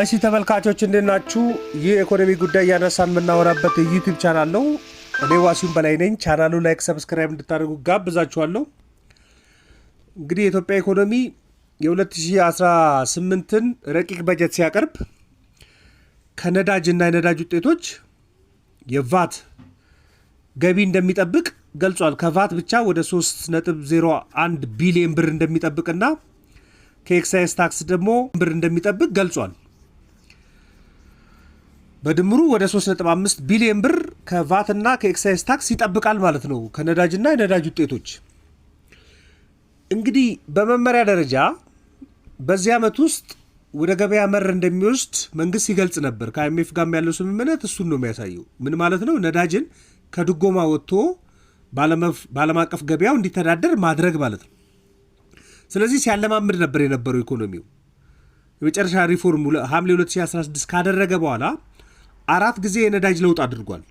እሺ ተመልካቾች እንዴት ናችሁ? ይህ ኢኮኖሚ ጉዳይ እያነሳን የምናወራበት ዩቲዩብ ቻናል ነው። እኔ ዋሲሁን በላይ ነኝ። ቻናሉ ላይክ፣ ሰብስክራይብ እንድታደርጉ ጋብዛችኋለሁ። እንግዲህ የኢትዮጵያ ኢኮኖሚ የ2018ን ረቂቅ በጀት ሲያቀርብ ከነዳጅ እና የነዳጅ ውጤቶች የቫት ገቢ እንደሚጠብቅ ገልጿል። ከቫት ብቻ ወደ 3.01 ቢሊዮን ብር እንደሚጠብቅና ከኤክሳይዝ ታክስ ደግሞ ብር እንደሚጠብቅ ገልጿል። በድምሩ ወደ 3.5 ቢሊዮን ብር ከቫትና ከኤክሳይዝ ታክስ ይጠብቃል ማለት ነው። ከነዳጅና የነዳጅ ውጤቶች እንግዲህ በመመሪያ ደረጃ በዚህ ዓመት ውስጥ ወደ ገበያ መር እንደሚወስድ መንግስት ይገልጽ ነበር። ከአይኤምኤፍ ጋርም ያለው ስምምነት እሱን ነው የሚያሳየው። ምን ማለት ነው? ነዳጅን ከድጎማ ወጥቶ በዓለም አቀፍ ገበያው እንዲተዳደር ማድረግ ማለት ነው። ስለዚህ ሲያለማምድ ነበር የነበረው ኢኮኖሚው። የመጨረሻ ሪፎርም ሐምሌ 2016 ካደረገ በኋላ አራት ጊዜ የነዳጅ ለውጥ አድርጓል።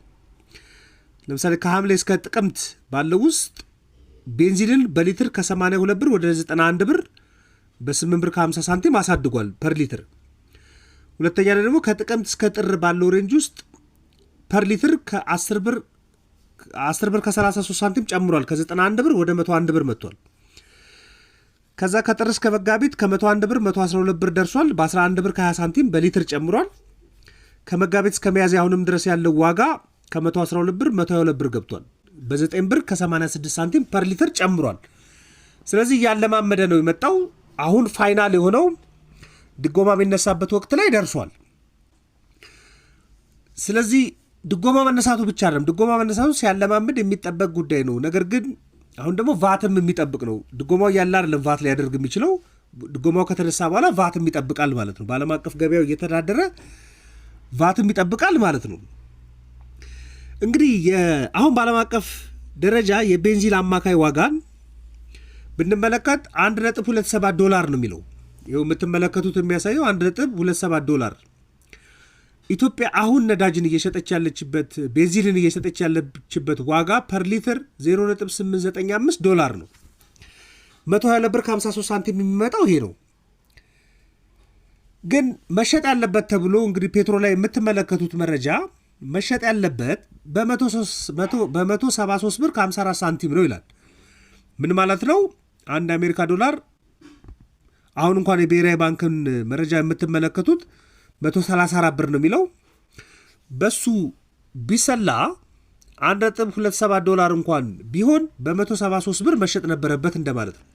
ለምሳሌ ከሐምሌ እስከ ጥቅምት ባለው ውስጥ ቤንዚንን በሊትር ከ82 ብር ወደ 91 ብር በ8 ብር ከ50 ሳንቲም አሳድጓል ፐር ሊትር። ሁለተኛ ደግሞ ከጥቅምት እስከ ጥር ባለው ሬንጅ ውስጥ ፐር ሊትር ከ10 ብር 10 ብር ከ33 ሳንቲም ጨምሯል። ከ91 ብር ወደ 101 ብር መጥቷል። ከዛ ከጥር እስከ መጋቢት ከ101 ብር 112 ብር ደርሷል። በ11 ብር ከ20 ሳንቲም በሊትር ጨምሯል። ከመጋቢት እስከ ሚያዝያ አሁንም ድረስ ያለው ዋጋ ከ112 ብር 122 ብር ገብቷል። በ9 ብር ከ86 ሳንቲም ፐር ሊትር ጨምሯል። ስለዚህ እያለማመደ ነው የመጣው። አሁን ፋይናል የሆነው ድጎማ የሚነሳበት ወቅት ላይ ደርሷል። ስለዚህ ድጎማ መነሳቱ ብቻ አይደለም። ድጎማ መነሳቱ ሲያለማምድ የሚጠበቅ ጉዳይ ነው። ነገር ግን አሁን ደግሞ ቫትም የሚጠብቅ ነው። ድጎማው ያለ አይደለም ቫት ሊያደርግ የሚችለው ድጎማው ከተነሳ በኋላ ቫትም ይጠብቃል ማለት ነው። በዓለም አቀፍ ገበያው እየተዳደረ ቫትም ይጠብቃል ማለት ነው። እንግዲህ አሁን በዓለም አቀፍ ደረጃ የቤንዚን አማካይ ዋጋን ብንመለከት 1.27 ዶላር ነው የሚለው። ይኸው የምትመለከቱት የሚያሳየው 1.27 ዶላር ኢትዮጵያ አሁን ነዳጅን እየሸጠች ያለችበት ቤንዚንን እየሸጠች ያለችበት ዋጋ ፐር ሊትር 0.895 ዶላር ነው። 120 ብር ከ53 ሳንቲም የሚመጣው ይሄ ነው። ግን መሸጥ ያለበት ተብሎ እንግዲህ ፔትሮ ላይ የምትመለከቱት መረጃ መሸጥ ያለበት በ173 ብር ከ54 ሳንቲም ነው ይላል። ምን ማለት ነው? አንድ አሜሪካ ዶላር አሁን እንኳን የብሔራዊ ባንክን መረጃ የምትመለከቱት 134 ብር ነው የሚለው በሱ ቢሰላ 1.27 ዶላር እንኳን ቢሆን በ173 ብር መሸጥ ነበረበት እንደማለት ነው።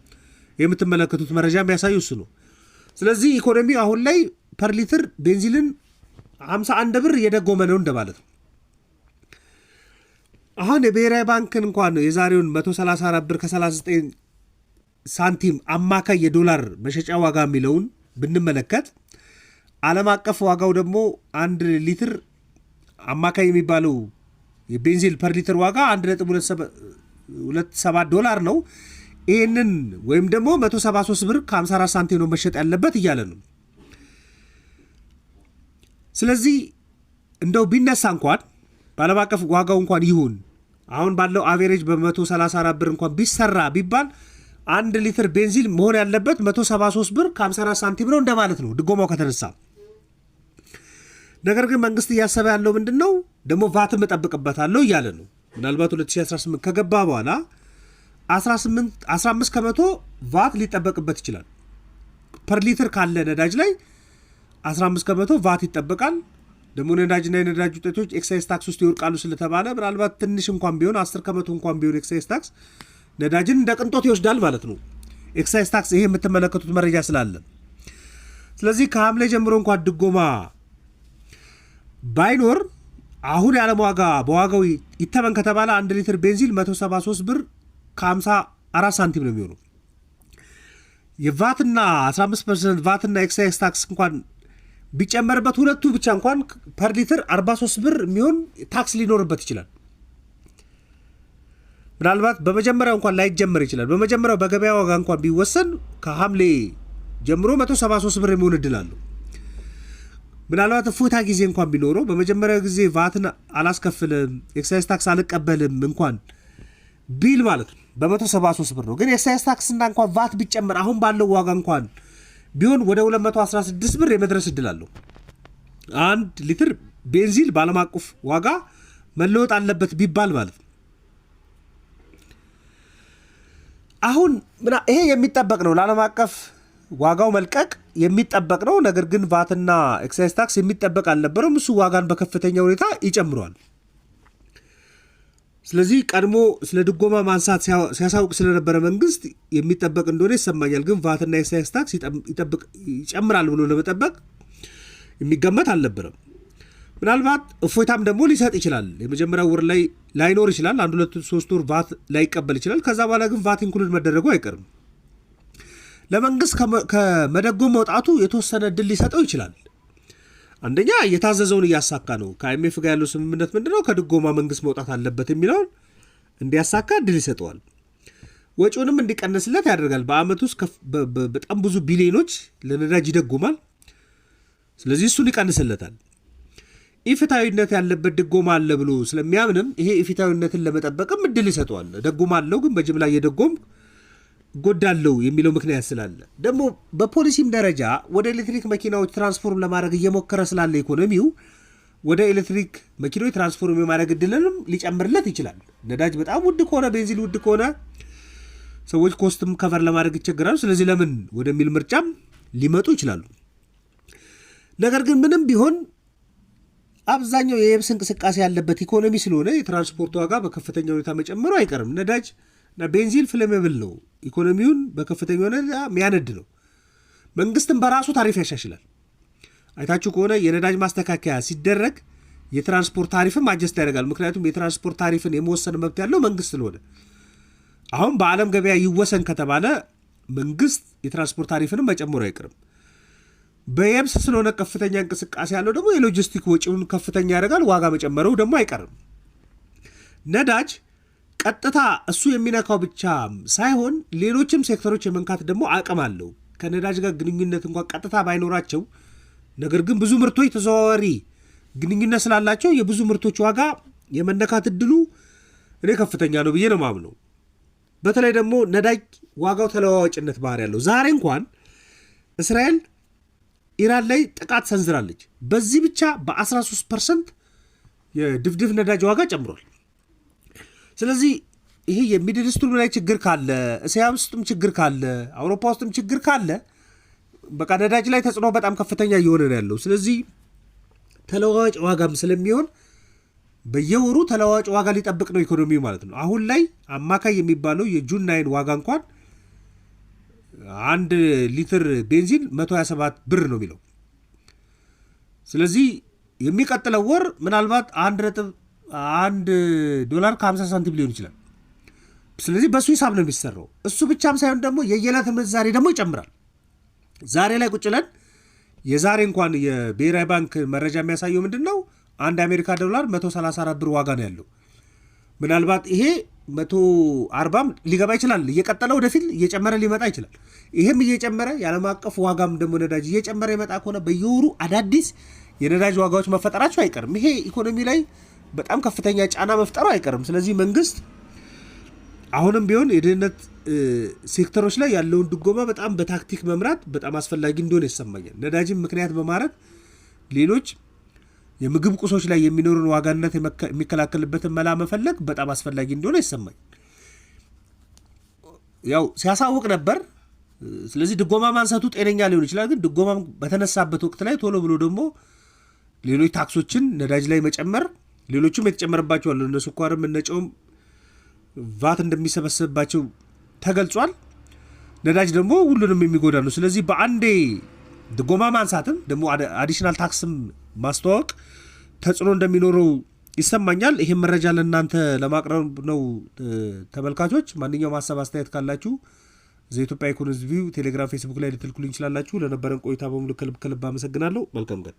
የምትመለከቱት መረጃ የሚያሳዩ እሱ ነው። ስለዚህ ኢኮኖሚ አሁን ላይ ፐር ሊትር ቤንዚልን 51 ብር እየደጎመ ነው እንደማለት ነው። አሁን የብሔራዊ ባንክን እንኳን የዛሬውን 134 ብር ከ39 ሳንቲም አማካይ የዶላር መሸጫ ዋጋ የሚለውን ብንመለከት ዓለም አቀፍ ዋጋው ደግሞ አንድ ሊትር አማካይ የሚባለው የቤንዚን ፐር ሊትር ዋጋ 1.27 ዶላር ነው። ይህንን ወይም ደግሞ 173 ብር ከ54 ሳንቲም ነው መሸጥ ያለበት እያለ ነው። ስለዚህ እንደው ቢነሳ እንኳን በዓለም አቀፍ ዋጋው እንኳን ይሁን አሁን ባለው አቬሬጅ በ134 ብር እንኳን ቢሰራ ቢባል አንድ ሊትር ቤንዚን መሆን ያለበት 173 ብር ከ54 ሳንቲም ነው እንደማለት ነው ድጎማው ከተነሳ ነገር ግን መንግስት እያሰበ ያለው ምንድን ነው? ደግሞ ቫትም እጠብቅበታለሁ እያለ ነው። ምናልባት 2018 ከገባ በኋላ 15 ከመቶ ቫት ሊጠበቅበት ይችላል። ፐር ሊትር ካለ ነዳጅ ላይ 15 ከመቶ ቫት ይጠበቃል። ደግሞ ነዳጅና የነዳጅ ውጤቶች ኤክሳይዝ ታክስ ውስጥ ይወርቃሉ ስለተባለ ምናልባት ትንሽ እንኳን ቢሆን 10 ከመቶ እንኳን ቢሆን ኤክሳይዝ ታክስ ነዳጅን እንደ ቅንጦት ይወስዳል ማለት ነው። ኤክሳይዝ ታክስ ይሄ የምትመለከቱት መረጃ ስላለ ስለዚህ ከሐምሌ ጀምሮ እንኳን ድጎማ ባይኖር አሁን ያለም ዋጋ በዋጋው ይተመን ከተባለ አንድ ሊትር ቤንዚን 173 ብር ከ54 ሳንቲም ነው የሚሆነው። የቫትና 15 ፐርሰንት ቫትና ኤክሳይዝ ታክስ እንኳን ቢጨመርበት ሁለቱ ብቻ እንኳን ፐር ሊትር 43 ብር የሚሆን ታክስ ሊኖርበት ይችላል። ምናልባት በመጀመሪያው እንኳን ላይጀመር ይችላል። በመጀመሪያው በገበያ ዋጋ እንኳን ቢወሰን ከሐምሌ ጀምሮ 173 ብር የሚሆን እድል አለው። ምናልባት እፎይታ ጊዜ እንኳን ቢኖረው በመጀመሪያ ጊዜ ቫትን አላስከፍልም ኤክሳይዝ ታክስ አልቀበልም እንኳን ቢል ማለት ነው በ173 ብር ነው። ግን ኤክሳይዝ እና እንኳን ቫት ቢጨመር አሁን ባለው ዋጋ እንኳን ቢሆን ወደ 216 ብር የመድረስ እድል አለው። አንድ ሊትር ቤንዚን በአለም አቀፍ ዋጋ መለወጥ አለበት ቢባል ማለት ነው። አሁን ይሄ የሚጠበቅ ነው ለዓለም አቀፍ ዋጋው መልቀቅ የሚጠበቅ ነው። ነገር ግን ቫትና ኤክሳይዝ ታክስ የሚጠበቅ አልነበረም። እሱ ዋጋን በከፍተኛ ሁኔታ ይጨምሯል። ስለዚህ ቀድሞ ስለ ድጎማ ማንሳት ሲያሳውቅ ስለነበረ መንግስት የሚጠበቅ እንደሆነ ይሰማኛል። ግን ቫትና ኤክሳይዝ ታክስ ይጨምራል ብሎ ለመጠበቅ የሚገመት አልነበረም። ምናልባት እፎይታም ደግሞ ሊሰጥ ይችላል። የመጀመሪያው ወር ላይ ላይኖር ይችላል። አንድ ሁለት ሶስት ወር ቫት ላይቀበል ይችላል። ከዛ በኋላ ግን ቫት ኢንክሉድ መደረጉ አይቀርም። ለመንግስት ከመደጎም መውጣቱ የተወሰነ እድል ሊሰጠው ይችላል። አንደኛ የታዘዘውን እያሳካ ነው። ከአይኤምኤፍ ጋር ያለው ስምምነት ምንድነው? ከድጎማ መንግስት መውጣት አለበት የሚለውን እንዲያሳካ እድል ይሰጠዋል። ወጪውንም እንዲቀንስለት ያደርጋል። በአመት ውስጥ በጣም ብዙ ቢሊዮኖች ለነዳጅ ይደጎማል። ስለዚህ እሱን ይቀንስለታል። ኢፍታዊነት ያለበት ድጎማ አለ ብሎ ስለሚያምንም ይሄ ኢፍታዊነትን ለመጠበቅም እድል ይሰጠዋል። ደጎማ አለው ግን በጅምላ እየደጎም ጎዳለው የሚለው ምክንያት ስላለ ደግሞ በፖሊሲም ደረጃ ወደ ኤሌክትሪክ መኪናዎች ትራንስፎርም ለማድረግ እየሞከረ ስላለ ኢኮኖሚው ወደ ኤሌክትሪክ መኪኖች ትራንስፎርም የማድረግ እድልንም ሊጨምርለት ይችላል። ነዳጅ በጣም ውድ ከሆነ፣ ቤንዚን ውድ ከሆነ ሰዎች ኮስትም ከቨር ለማድረግ ይቸግራሉ። ስለዚህ ለምን ወደሚል ምርጫም ሊመጡ ይችላሉ። ነገር ግን ምንም ቢሆን አብዛኛው የየብስ እንቅስቃሴ ያለበት ኢኮኖሚ ስለሆነ የትራንስፖርት ዋጋ በከፍተኛ ሁኔታ መጨመሩ አይቀርም። ነዳጅ እና ቤንዚን ፍለሜብል ነው። ኢኮኖሚውን በከፍተኛ ሁኔታ የሚያነድ ነው። መንግስትም በራሱ ታሪፍ ያሻሽላል። አይታችሁ ከሆነ የነዳጅ ማስተካከያ ሲደረግ የትራንስፖርት ታሪፍም አጀስት ያደርጋል። ምክንያቱም የትራንስፖርት ታሪፍን የመወሰን መብት ያለው መንግስት ስለሆነ፣ አሁን በዓለም ገበያ ይወሰን ከተባለ መንግስት የትራንስፖርት ታሪፍንም መጨመሩ አይቀርም። በየብስ ስለሆነ ከፍተኛ እንቅስቃሴ ያለው ደግሞ የሎጂስቲክ ወጪውን ከፍተኛ ያደርጋል። ዋጋ መጨመረው ደግሞ አይቀርም። ነዳጅ ቀጥታ እሱ የሚነካው ብቻ ሳይሆን ሌሎችም ሴክተሮች የመንካት ደግሞ አቅም አለው። ከነዳጅ ጋር ግንኙነት እንኳን ቀጥታ ባይኖራቸው፣ ነገር ግን ብዙ ምርቶች ተዘዋዋሪ ግንኙነት ስላላቸው የብዙ ምርቶች ዋጋ የመነካት እድሉ እኔ ከፍተኛ ነው ብዬ ነው ማምነው። በተለይ ደግሞ ነዳጅ ዋጋው ተለዋዋጭነት ባህሪ ያለው ዛሬ እንኳን እስራኤል ኢራን ላይ ጥቃት ሰንዝራለች። በዚህ ብቻ በ13 ፐርሰንት የድፍድፍ ነዳጅ ዋጋ ጨምሯል። ስለዚህ ይሄ የሚድል ኢስቱ ላይ ችግር ካለ እስያ ውስጥም ችግር ካለ አውሮፓ ውስጥም ችግር ካለ በቃ ነዳጅ ላይ ተጽዕኖ በጣም ከፍተኛ እየሆነ ነው ያለው። ስለዚህ ተለዋዋጭ ዋጋም ስለሚሆን በየወሩ ተለዋዋጭ ዋጋ ሊጠብቅ ነው ኢኮኖሚ ማለት ነው። አሁን ላይ አማካይ የሚባለው የጁን ናይን ዋጋ እንኳን አንድ ሊትር ቤንዚን 127 ብር ነው የሚለው። ስለዚህ የሚቀጥለው ወር ምናልባት አንድ ነጥብ አንድ ዶላር ከ50 ሳንቲም ሊሆን ይችላል። ስለዚህ በእሱ ሂሳብ ነው የሚሰራው። እሱ ብቻም ሳይሆን ደግሞ የየዕለት ምንዛሬ ደግሞ ይጨምራል። ዛሬ ላይ ቁጭ ብለን የዛሬ እንኳን የብሔራዊ ባንክ መረጃ የሚያሳየው ምንድን ነው? አንድ አሜሪካ ዶላር 134 ብር ዋጋ ነው ያለው። ምናልባት ይሄ 140 ሊገባ ይችላል። እየቀጠለ ወደፊት እየጨመረ ሊመጣ ይችላል። ይህም እየጨመረ የዓለም አቀፍ ዋጋም ደግሞ ነዳጅ እየጨመረ የመጣ ከሆነ በየወሩ አዳዲስ የነዳጅ ዋጋዎች መፈጠራቸው አይቀርም። ይሄ ኢኮኖሚ ላይ በጣም ከፍተኛ ጫና መፍጠሩ አይቀርም። ስለዚህ መንግስት አሁንም ቢሆን የደህንነት ሴክተሮች ላይ ያለውን ድጎማ በጣም በታክቲክ መምራት በጣም አስፈላጊ እንደሆነ ይሰማኛል። ነዳጅን ምክንያት በማድረግ ሌሎች የምግብ ቁሶች ላይ የሚኖሩን ዋጋነት የሚከላከልበትን መላ መፈለግ በጣም አስፈላጊ እንደሆነ ይሰማኝ። ያው ሲያሳውቅ ነበር። ስለዚህ ድጎማ ማንሳቱ ጤነኛ ሊሆን ይችላል። ግን ድጎማ በተነሳበት ወቅት ላይ ቶሎ ብሎ ደግሞ ሌሎች ታክሶችን ነዳጅ ላይ መጨመር ሌሎቹም የተጨመረባቸው እነ ስኳርም እነ ጨውም ቫት እንደሚሰበሰብባቸው ተገልጿል። ነዳጅ ደግሞ ሁሉንም የሚጎዳ ነው። ስለዚህ በአንዴ ድጎማ ማንሳትም ደግሞ አዲሽናል ታክስም ማስተዋወቅ ተጽዕኖ እንደሚኖረው ይሰማኛል። ይህም መረጃ ለእናንተ ለማቅረብ ነው። ተመልካቾች ማንኛውም ሀሳብ አስተያየት ካላችሁ ዘኢትዮጵያ ኢኮኖሚስት ቪው ቴሌግራም፣ ፌስቡክ ላይ ልትልኩልኝ ይችላላችሁ። ለነበረን ቆይታ በሙሉ ከልብ ከልብ አመሰግናለሁ። መልካም ቀን።